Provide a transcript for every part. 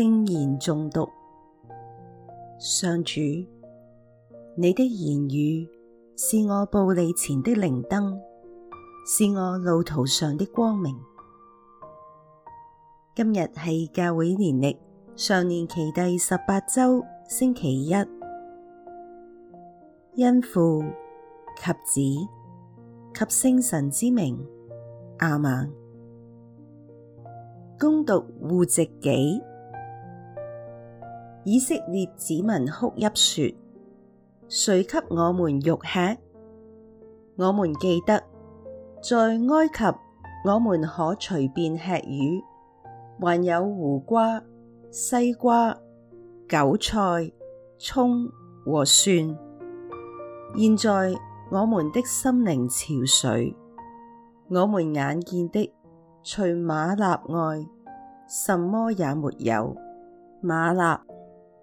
聖言誦讀。上主，你的言語是我步履前的靈燈，是我路途上的光明。今日係教會年曆常年期第十八周星期一，因父及子及聖神之名，亞孟，恭讀戶籍紀。以色列子民哭泣說：誰給我們肉吃？我們記得在埃及，我們可隨便吃魚，還有胡瓜、西瓜、韭菜、蔥和蒜。現在我們的心靈憔悴，我們眼見的除瑪納外，什麼也沒有。瑪納。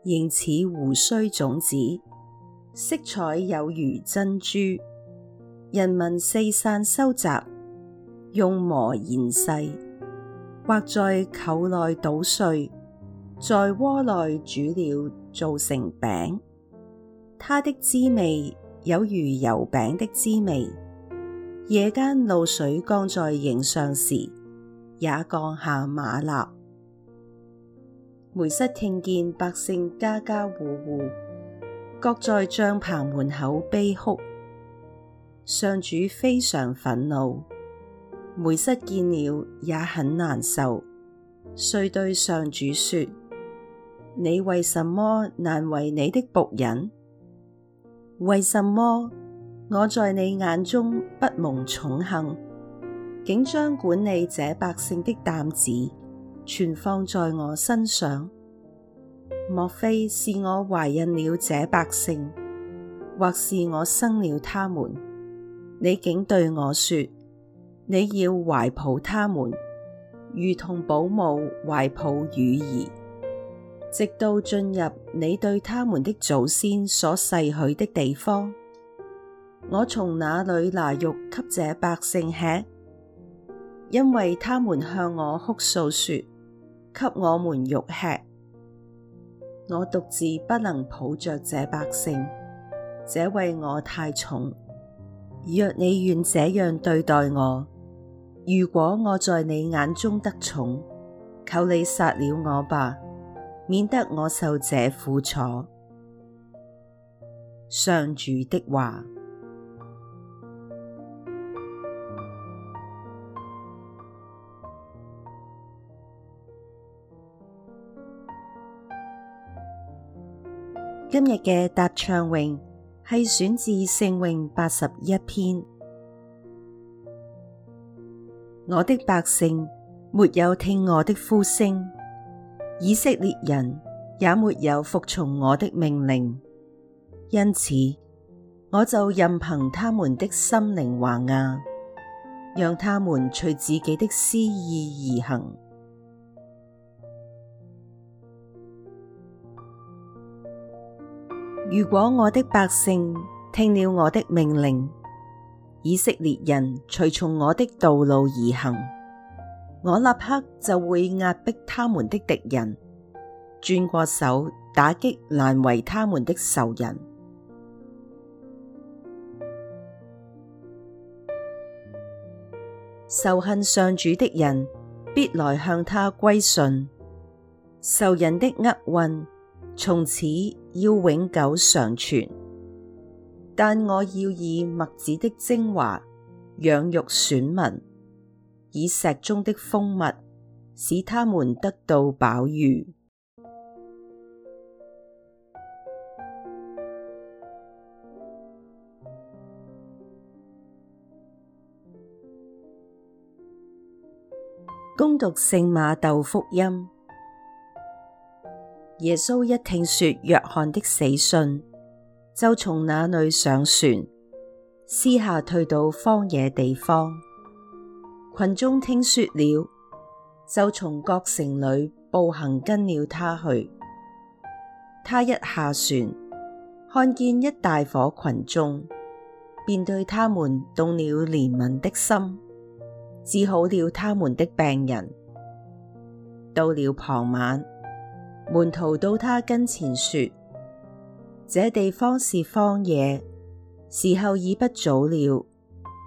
形似胡荽種子，色彩有如珍珠。人民四散收集，用磨研細，或在臼內搗碎，在鍋內煮了，做成餅。它的滋味有如油餅的滋味。夜間露水降在營上時，也降下瑪納。梅瑟聽見百姓家家戶戶，各在帳棚門口悲哭，上主非常憤怒。梅瑟見了也很難受，遂對上主說：你為什麼難為你的僕人？為什麼我在你眼中不蒙寵幸，竟將管理這百姓的擔子全放在我身上？莫非是我懷孕了這百姓，或是我生了他們？你竟對我說，你要懷抱他們，如同褓母懷抱乳兒，直到進入你對他們的祖先所誓許的地方。我從那裏拿肉給這百姓吃？因為他們向我哭訴說，給我們肉吃。我獨自不能抱着這百姓，這為我太重。若你願這樣對待我，如果我在你眼中得寵，求你殺了我吧，免得我受這苦楚。上主的話。今日嘅答唱詠係選自聖詠八十一篇。我的百姓沒有聽我的呼聲，以色列人也沒有服從我的命令，因此我就任憑他們的心靈頑硬，讓他們隨自己的私意而行。如果我的百姓聽了我的命令，以色列人隨從我的道路而行，我立刻就會壓迫他們的敵人，轉過手打擊難為他們的仇人。仇恨上主的人必來向他歸順，仇人的厄運，從此要永久常存，但我要以麥子的精華養育選民，以石中的蜂蜜使他們得到飽飫。恭讀聖瑪竇福音。耶穌一聽說若翰的死訊，就從那裏上船，私下退到荒野地方。群眾聽說了，就從各城裏步行跟了他去。他一下船，看見一大伙群眾，便對他們動了憐憫的心，治好了他們的病人。到了傍晚。.門徒到他跟前說：這地方是荒野，時候已不早了，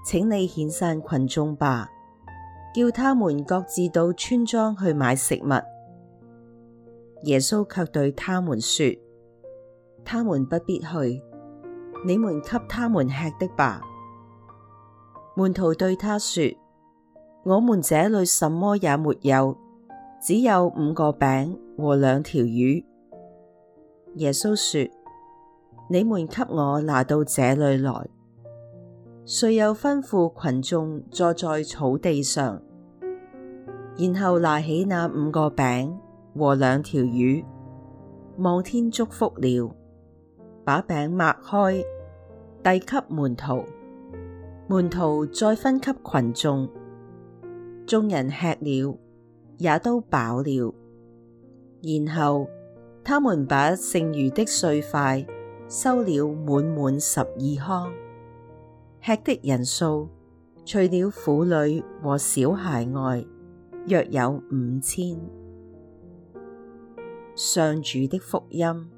請你遣散群眾吧，叫他們各自到村莊去買食物。耶穌卻對他們說：他們不必去，你們給他們吃的吧。門徒對他說：我們這裏什麼也沒有。只有五個餅和兩條魚。耶穌說：你們給我拿到這裏來。遂又吩咐群眾坐在草地上，然後拿起那五個餅和兩條魚，望天祝福了，把餅擘開，遞給門徒，門徒再分給群眾，眾人吃了，也都飽了，然後他們把剩餘的碎塊收了滿滿十二筐。吃的人數，除了婦女和小孩外，約有五千。上主的福音。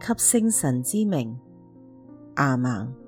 及聖神之名，亞孟。